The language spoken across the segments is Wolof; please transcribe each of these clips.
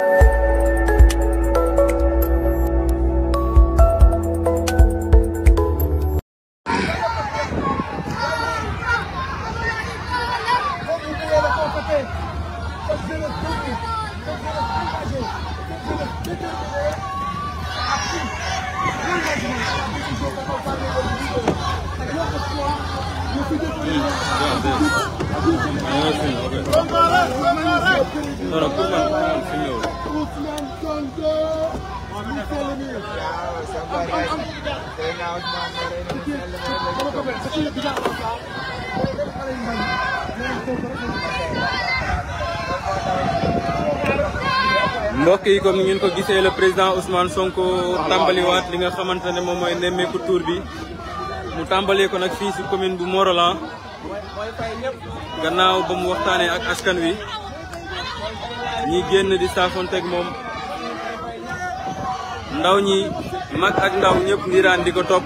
Agora, como é que Ousmane Sonko monsieur le ngeen ko gisee la président Ousmane Sonko tàmbaliwaat li nga xamante ne moom mooy nemmeeku tour bi mu tàmbalee ko nag fii si commune bu Morolan gannaaw ba mu waxtaanee ak askan wi. ñi génn di saafonteeg moom ndaw ñi mag ak ndaw ñëpp ngiraan di ko topp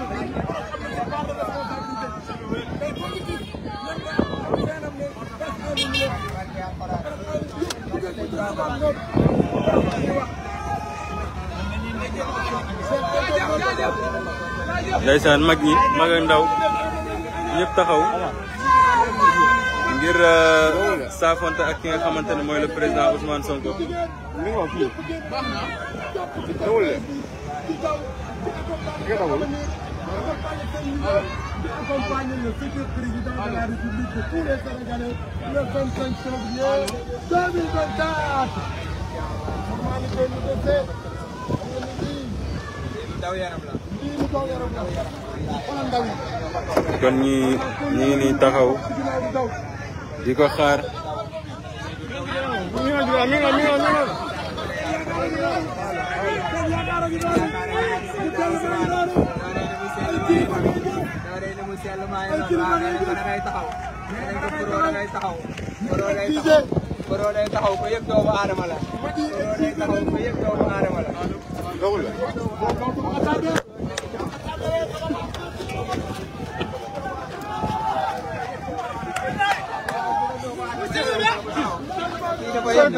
ndeysaan mag ñi mag ak ndaw ñëpp taxaw ngir euh, saafonte ak ki nga xamante ne mooy le président Ousmane Sonko. accompagner le futur président de la République de tous les Sénégalais le 25 février 2024. formalité ñu defee xam nga ni lii daw yaram la lii lu daw yaram la xoolal ndaw yi. kon ñii ñii nii taxaw. di ko xaar. koroo day taxaw ko yëg doomu aadama la koroo day taxaw ko yëg doomu aadama la Avec précis.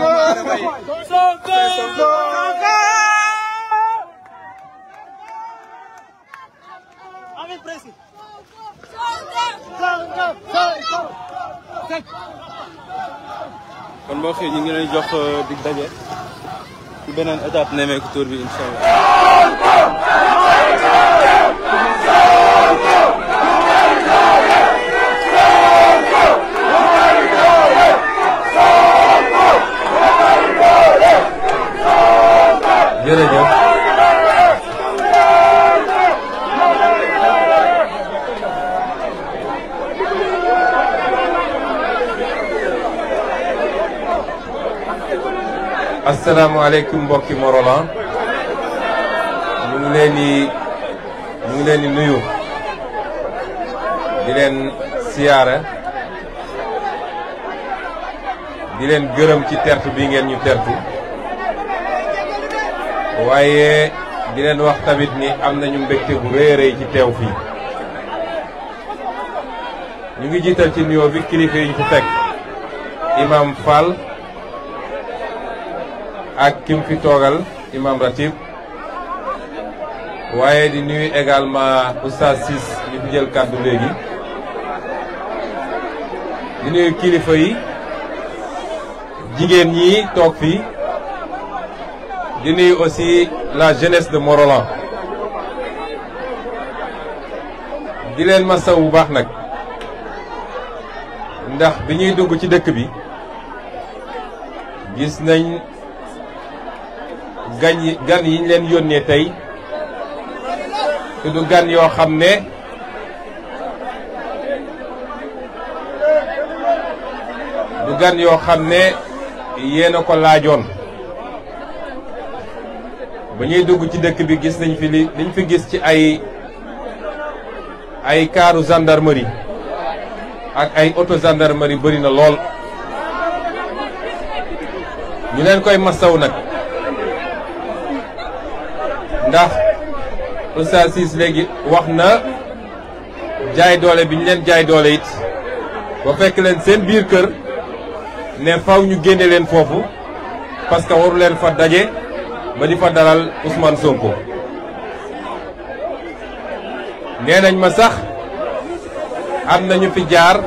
kon mbokk yi ñu ngi leen jox euh, dig daje ci beneen étape nemmeeku tour bi incha allah. jërëjëf. asalaamaaleykum mbokki Morolan ñu ngi leen di ngi leen di nuyu di leen siyaara di leen gërëm ci tertu bi ngeen ñu tertu waaye di wax tamit ni am nañu mbégte bu rëy a ci teew fii ñu ngi jiital ci nuyoo bi kilifa yi ñu fi fekk imam Fall ak kim fi toogal imam Ratib waaye di nuyu également oustaz Ciss ñu fi jël kàddu léegi di nuyu kilifa yi jigéen ñi toog fii di nuyu aussi la jeunesse de Morolan di leen masaw bu baax nag ndax bi ñuy dugg ci dëkk bi gis nañ gan yi gan yi leen yónnee tey te du gan yoo xam ne du gan yoo xam ne yéen ko laajoon ba ñuy dugg ci dëkk bi gis nañ fi li liñ fi gis ci ay ay kaaru gendarmerie ak ay auto gendarmerie bëri na lool ñu leen koy mastaw nag ndax Oustaz léegi wax na jaay doole bi ñu leen jaay doole it ba fekk leen seen biir kër ne faw ñu génne leen foofu parce que waru leen fa daje ma di fa dalal Sonko nee nañ ma sax am nañu fi jaar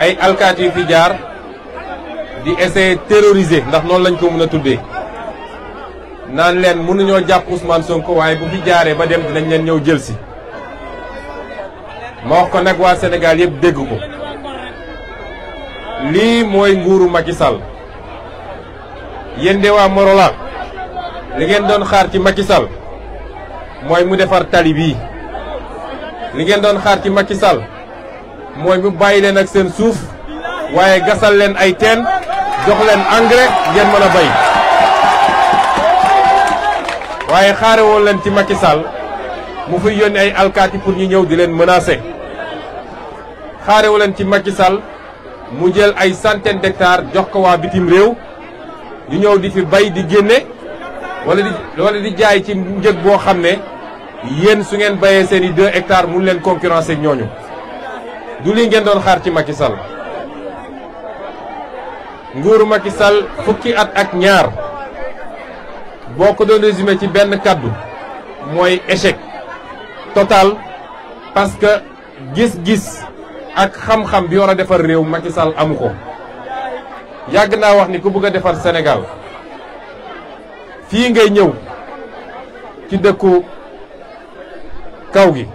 ay alkaati yu fi jaar di essayer terroriser ndax noonu lañ ko mën a tuddee naan leen mënuñoo jàpp Ousmane Sonko waaye bu fi jaaree ba dem dinañ leen ñëw jël si ma wax ko nag waa Sénégal yëpp dégg ko lii mooy nguuru Macky Sall yéen de waa Morolan li ngeen doon xaar ci Macky Sall mooy mu defar tali bii li ngeen doon xaar ci Macky Sall mooy mu bàyyi leen ak seen suuf waaye gasal leen ay teen jox leen engrais ngeen mën a bay waaye xaare leen ci Macky Sall mu fiy yónni ay alkaati pour ñu ñëw di leen menacer xaarewu leen ci Macky mu jël ay centaine d'hectares jox ko waa bitim réew ñu ñëw di fi bay di génne wala di wala di jaay ci njëg boo xam ne yéen su ngeen bayee seen i deux mu leen concurrencer ñooñu du li ngeen doon xaar ci Macky Sall nguuru Macky Sall fukki at ak ñaar boo ko doon résumé ci benn kàddu mooy échec total parce que gis-gis ak xam-xam bi war a defar réew Macky Sall amu ko yàgg naa wax ni ku bëgg a defar senegal fii ngay ñëw ci dëkku kaw gi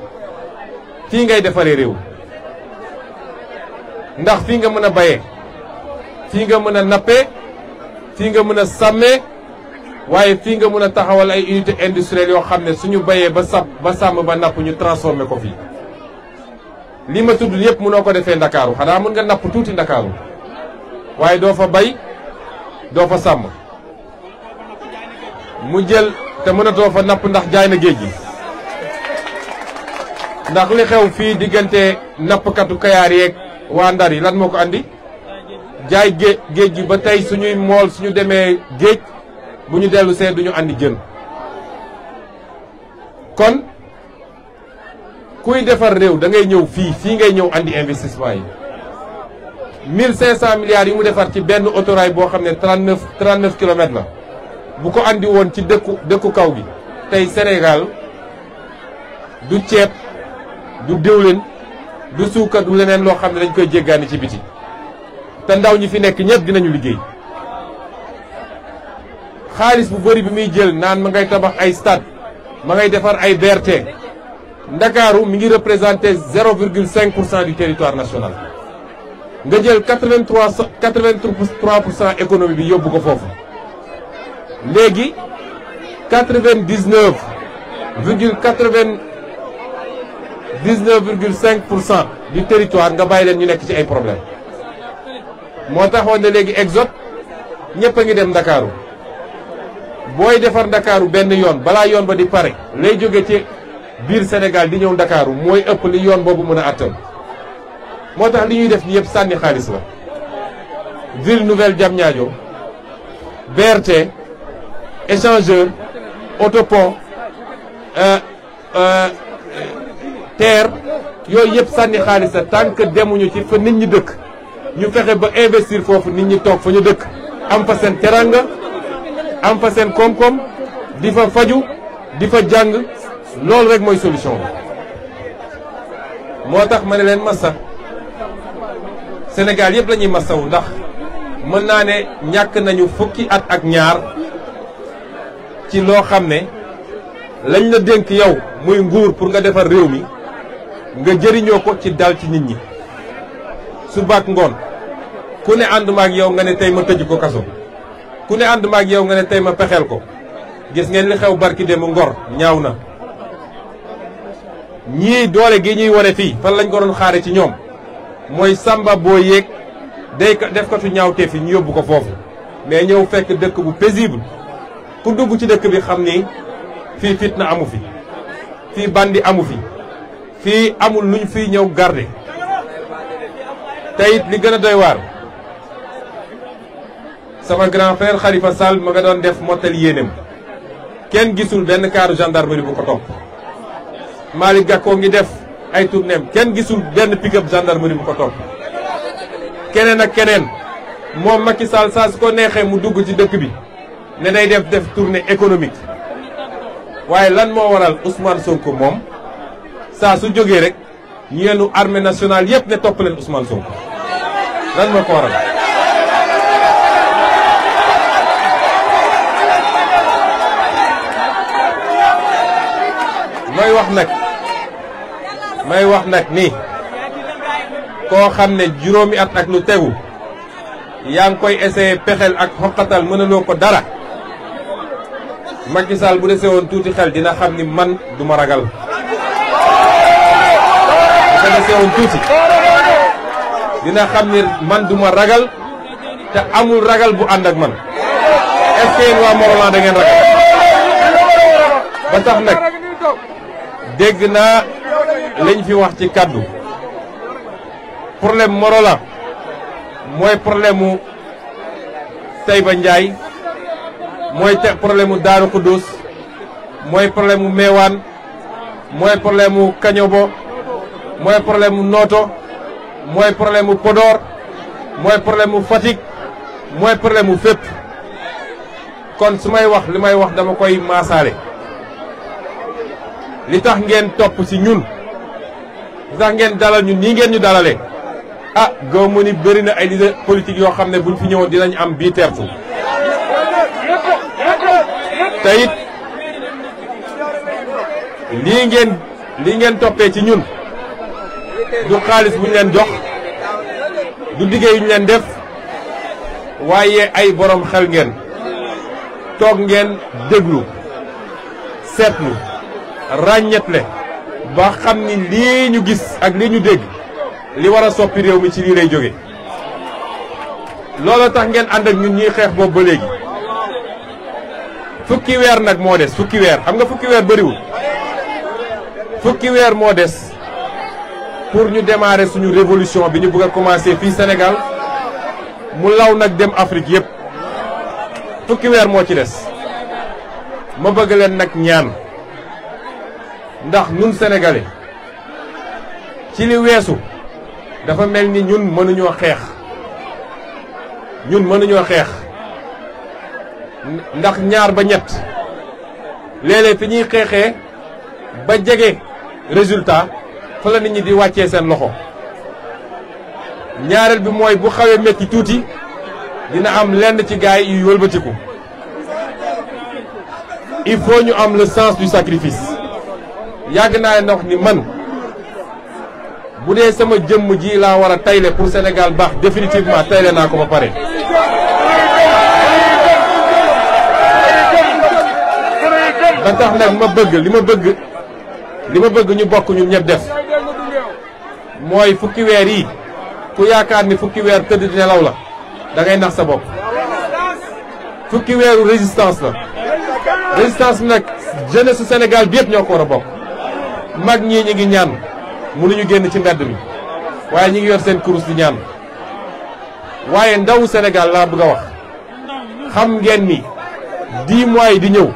fii ngay defaree réew ndax fii nga mën a baye fii nga mën a nappe fii nga mën a sàmmee waaye fii nga mën a taxawal ay unité industrielle yoo xam ne suñu bayee ba sàmm ba sàmm ba napp ñu transformé ko fi li ma tudd yëpp mënoo ko defee ndakaaru xanaa mën nga napp tuuti ndakaaru waaye doo fa bay doo fa sàmm mu jël te mënatoo fa napp ndax jaay na géej gi ndax li xew fii diggante nappkatu kayaar yeeg waa ndar yi lan moo ko andi jaay géej géej gi ba tey suñuy mool suñu demee géej bu ñu dellu see duñu andi jën kon kuy defar réew da ngay ñëw fii fii ngay ñëw andi investissement yi 1500 milliards yi mu defar ci benn autorail boo xam ne 39 39 kilomètres la bu ko andi woon ci dëkku dëkku kaw gi tey Sénégal du ceeb du diwlin du suukar du leneen loo xam ne dañ koy jéggaani ci biti te ndaw ñi fi nekk ñëpp dinañu liggéey xaalis bu bëri bi muy jël naan ma ngay tabax ay stade ma ngay defar ay BRT Ndakaaru mi ngi représenté 0,5 pour cent du territoire national nga jël quatre vingt trois quatre vingt trois pour bi yóbbu ko foofu léegi quatre vingt dix neuf virgule quatre vingt dix neuf virgule cinq pour cent du territoire nga bàyyi leen ñu nekk ci ay problème moo taxoon ne léegi exode ñëpp a ngi dem ndakaaru booy defar ndakaaru benn yoon balaa yoon ba di pare lay jóge ci biir Sénégal di ñëw ndakaaru mooy ëpp li yoon boobu mën a àttan moo tax li ñuy def nii yëpp sànni xaalis la ville nouvelle Diamniadio BRT échangeur autopont euh, euh, terre yooyu yëpp sànni xaalis la tant demuñu ci fa nit ñi dëkk ñu fexe ba investir foofu nit ñi toog fa ñu dëkk am fa seen teranga am fa seen koom-koom di fa faju di fa jàng loolu rek mooy solution bi moo tax ma ne leen massa Sénégal yëpp lañuy ñuy masawu ndax mën naa ne ñàkk nañu fukki at ak ñaar ci loo xam ne lañ la dénk yow muy nguur pour nga defar réew mi nga jëriñoo ko ci dal ci nit ñi su ak ngoon ku ne ànduma yow nga ne tey ma tëj ko kaso ku ne ànduma ak yow nga ne tey ma pexeel ko gis ngeen li xew barki démb Ngor ñaaw na ñii doole gi ñuy wone fii fan lañ ko doon xaare ci ñoom mooy samba boo yéeg day defkatu ñaawteef yi ñu yóbbu ko foofu mais ñëw fekk dëkk bu paisible ku dugg ci dëkk bi xam ni fii fitna amu fi fii bandi amu fi fii amul luñ fi ñëw garde te it li gën a doywaar sama grand xalifa Khalifa Sall ma nga doon def mottal yéenem kenn gisul benn kaaru gendarmerie bu ko topp Malick Gakou ngi def ay tournéem kenn gisul benn pick-up gendarmerie bu ko topp keneen ak keneen moom Macky Sall saa su ko neexee mu dugg ci dëkk bi ne day def def tournée économique waaye lan moo waral usmaan Sonko moom saa su jógee rek ñu yenu armée nationale yépp ne topp leen Ousmane Sonko lan moo ko waral mooy wax nag may wax nag ni koo xam ne juróomi at ak lu tegu yaa ngi koy essayer pexeel ak xoqatal mënaloo ko dara Macky Sall bu dese woon tuuti xel dina xam ni man duma ragal bu ko ma ragal te amul ragal bu ànd ak man est waa Morolan da ngeen ragal ba tax nag dégg naa lañ fi wax ci kàddu problème morola mooy problème mu Taïba Ndiaye mooy te problème mu Daaru Xuddus mooy problème mu Meewaan mooy problème mu Kañobo mooy problème mu Nooto mooy problème mu Podor mooy problème mu Fatick mooy problème mu fépp kon su may wax li may wax dama koy maasaale li tax ngeen topp si ñun sax ngeen dalal ñun ngeen ñu dalalee a ah, gaw ma ni bëri na ay leader politique yoo xam ne bu ñu fi ñëwoon dinañu am bii tertu te lii ngeen lii ngeen toppee ci ñun du xaalis bu ñu leen jox du liggéey yu ñu leen def waaye ay boroom xel ngeen toog ngeen déglu seetlu ràññetle ba xam ni lii ñu gis ak lii ñu dégg li war a soppi réew mi ci lii lay jóge loolu tax ngeen ànd ak ñun ñuy xeex boobu ba léegi fukki weer nag moo des fukki weer xam nga fukki weer bëriwul fukki weer moo des pour ñu démarrer suñu révolution bi ñu bugg a commencer fii senegal mu law nag dem Afrique yépp fukki weer moo ci des ma bëgg leen nag ñaan. ndax ñun sénégalais ci li weesu dafa mel ni ñun mënuñoo xeex ñun mënuñoo xeex ndax ñaar ba ñett léeg-léeg ñuy xeexee ba jege résultat fa nañu di wàccee seen loxo ñaareel bi mooy bu xawee metti tuuti dina am lenn ci gaay yu wëlbatiku il faut ñu am la sens du sacrifice yàgg naa leen wax ni man bu dee sama jëmm ji laa war a tayle pour Sénégal baax définitivement tayle naa ko ba pare. ba tax nag ma bëgg li ma bëgg li ma bëgg ñu bokk ñun ñëpp def mooy fukki weer yi ku yaakaar ni fukki weer tëdd nelaw la da ngay nax sa bopp fukki weeru résistance la résistance bi nag jeunesse su Sénégal bi yëpp ñoo ko war a bokk. mag ñii ñi ngi ñaan ñu génn ci mbedd mi waaye ñi ngi yor seen kurus di ñaan waaye ndaw Sénégal laa bëgg wax xam ngeen ni dix mois di ñëw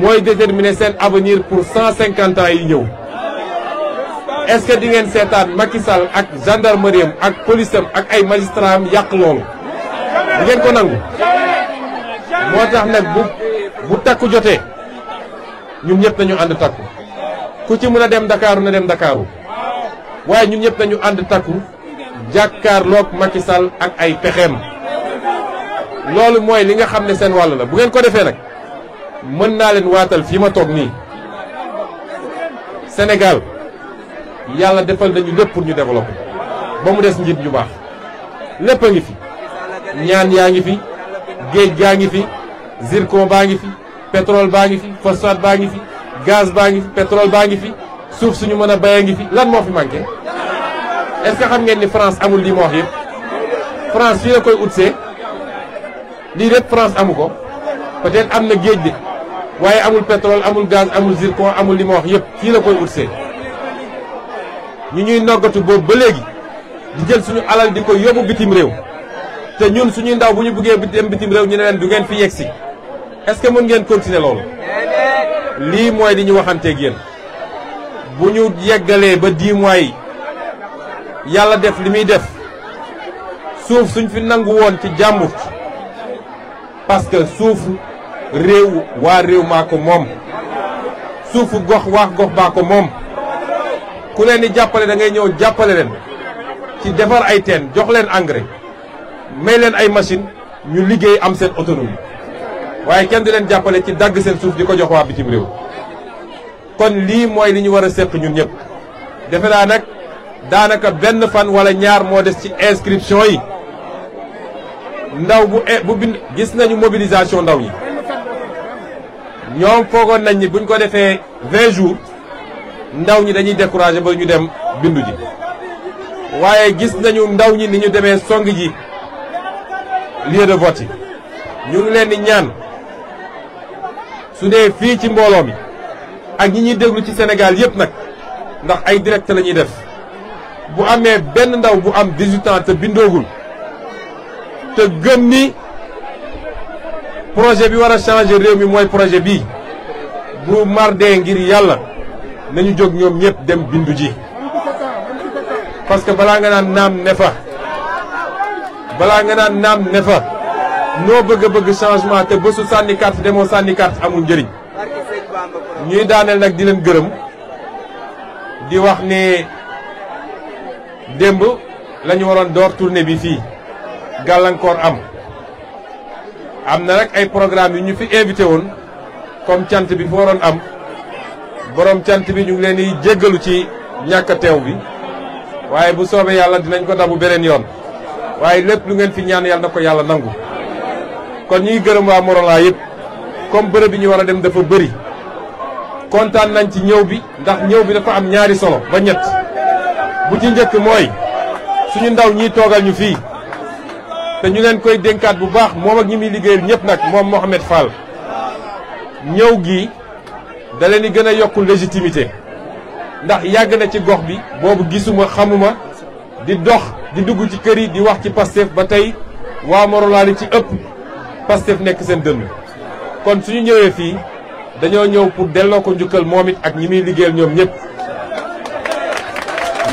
mooy déterminer seen avenir pour cent cinquante ans yi ñëw est-ce que di ngeen seetaan Macky Sall ak gendarmerie ak police ak ay magistrat am yàq loolu di ngeen ko nangu moo tax nag bu bu takku jotee ñun ñëpp nañu ànd takku ku ci mën a dem Dakar na dem Dakaaru waaye ñun ñëpp dañu ànd takku jàkkaarloog Macky Sall ak ay pexeem loolu mooy li nga xam ne seen wàll la bu ngeen ko defee nag mën naa leen waatal fii ma toog nii Sénégal yàlla defal nañu lépp ñu développer ba mu des njiit ñu baax lépp ngi fi ñaan yaa ngi fi géej gaa ngi fi zircon baa ngi fi pétrole baa ngi fi phosphate baa ngi fi gaz baa ngi fi pétrole baa ngi fi suuf suñu mën a bay a ngi fi lan moo fi manqué est xam ngeen ni France amul lii ma wax yëpp France fii la koy utsee lii lépp France amu ko peut-être am na géej de waaye amul pétrole amul gaz amul zircon amul li ma wax yëpp fii la koy utsee ñu ñuy noggatu boobu ba léegi di jël suñu alal di ko yóbbu bitim réew te ñun suñuy ndaw bu ñu bëggee dem bitim réew ñu ne leen du ngeen fi yegg si est-ce que mën ngeen continuer lool lii mooy li ñu waxanteeg yéen bu ñu yeggalee ba dix mois yi yàlla def li muy def suuf suñ fi nangu woon ci jàmbur parce que suuf réew waa réew maa ko moom suufu gox waa gox baa ko moom ku leen di jàppale da ngay ñëw jàppale leen ci defar ay teen jox leen engrais may leen ay machine ñu liggéey am seen autonomie waaye kenn du leen jàppale ci dagg seen suuf di ko jox waa bitim réew kon lii mooy li ñu war a séq ñun ñëpp defe naa nag daanaka benn fan wala ñaar moo des ci inscription yi ndaw bu e- gis nañu mobilisation ndaw ñi ñoom foogoon nañ ni buñ ko defee 20 jours ndaw ñi dañuy découragé ba ñu dem bindu ji waaye gis nañu ndaw ñi ni ñu demee song ji lieu de yi ñu ngi leen di ñaan su fii ci mbooloo mi ak ñi ñuy déglu ci Sénégal yëpp nag ndax ay direct la ñuy def bu amee benn ndaw bu am 18 bindoogul te gëm projet bi war a changer réew mi mooy projet bi bu mardee ngir yàlla nañu jóg ñoom ñëpp dem bindu ji que balaa nga naan naam ne fa balaa nga naan naam ne fa noo bëgg a bëgg changement te bésu sànni carte demoo sànni carte amul njëriñ ñuy daaneel nag di leen gërëm di wax ne démb lañu waroon door tournée bi fii gàllankoor am am na rek ay programme yu ñu fi invité woon comme cant bi fi waroon am borom cant bi ñu ngi leen di jéggalu ci ñàkk teew bi waaye bu soobee yàlla dinañ ko dabu beneen yoon waaye lépp lu ngeen fi ñaan yàlla na ko yàlla nangu kon ñuy gërëm waa Morolan yëpp comme bërëb bi ñu war a dem dafa bëri kontaan nañ ci ñëw bi ndax ñëw bi dafa am ñaari solo ba ñett bu ci njëkk mooy suñu ndaw ñii toogal ñu fii te ñu leen koy dénkaat bu baax moom ak ñi muy liggéeyal ñëpp nag moom Mouhamed Fall ñëw gi da leen di gën a yokku légitimité ndax yàgg na ci gox bi boobu gisuma xamuma di dox di dugg ci kër yi di wax ci Pastef ba tey waa Morolan li ci ëpp fu nekk seen dënn kon suñu ñëwee fii dañoo ñëw pour delloo ko njukkal moom it ak ñi muy liggéeyal ñoom ñëpp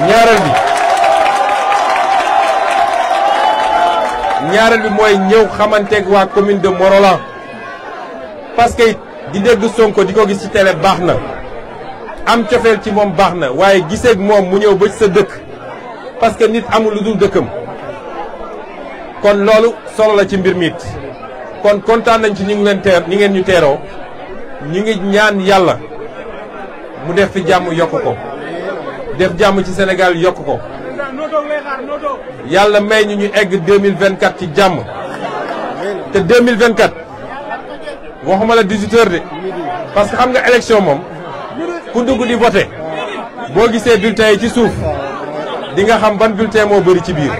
ñaareel bi ñaareel bi mooy ñëw xamanteeg waa commune de Morolan parce que it di dégg Sonko di ko gis ci télé baax na am cofeel ci moom baax na waaye giseeg moom mu ñëw ba sa dëkk parce que nit amul lu dul dëkkam kon loolu solo la ci mbir mi kon kontaan nañ ci ñu ngi leen teer ñi ngeen ñu teeroo ñu ngi ñaan yàlla mu def fi jàmm yokk ko def jàmm ci Sénégal yokk ko yàlla may ñu ñu egg 2024 ci jàmm te 2024 waxuma la 18 heures de parce que xam nga élection moom ku dugg di voté boo gisee bulletin yi ci suuf di nga xam ban bulletin moo bëri ci biir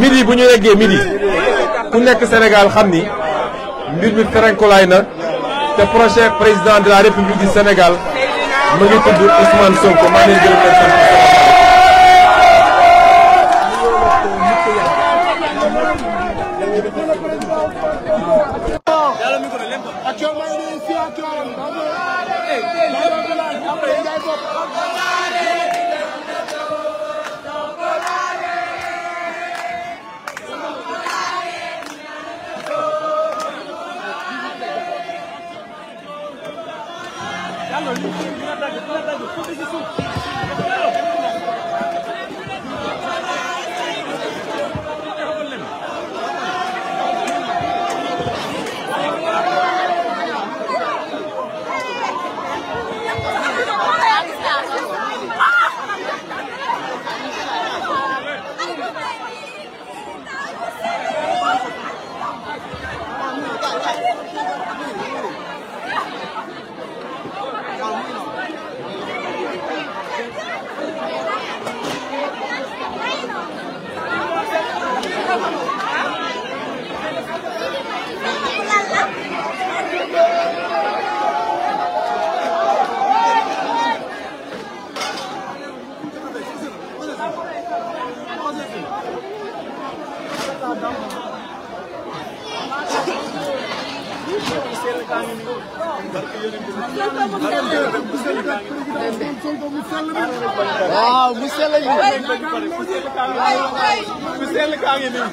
midi bu ñu yeggee midi ku nekk Sénégal xam ni mbir mi ferenkulaay na te prochain président de la République du mu ngi tudd Ousmane Sonko maa ngi leen gërëm leen la dagg waaw bu sell la bu sell kaa ngi nii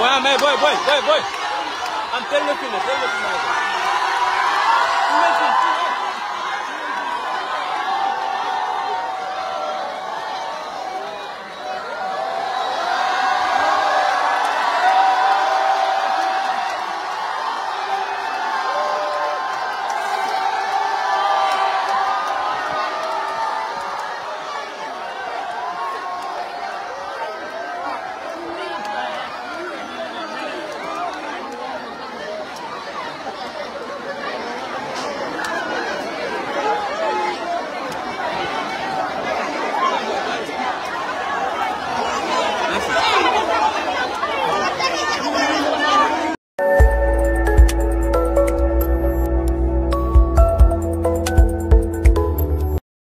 waaw mais boy boy boy boy Telle le film, telle le film.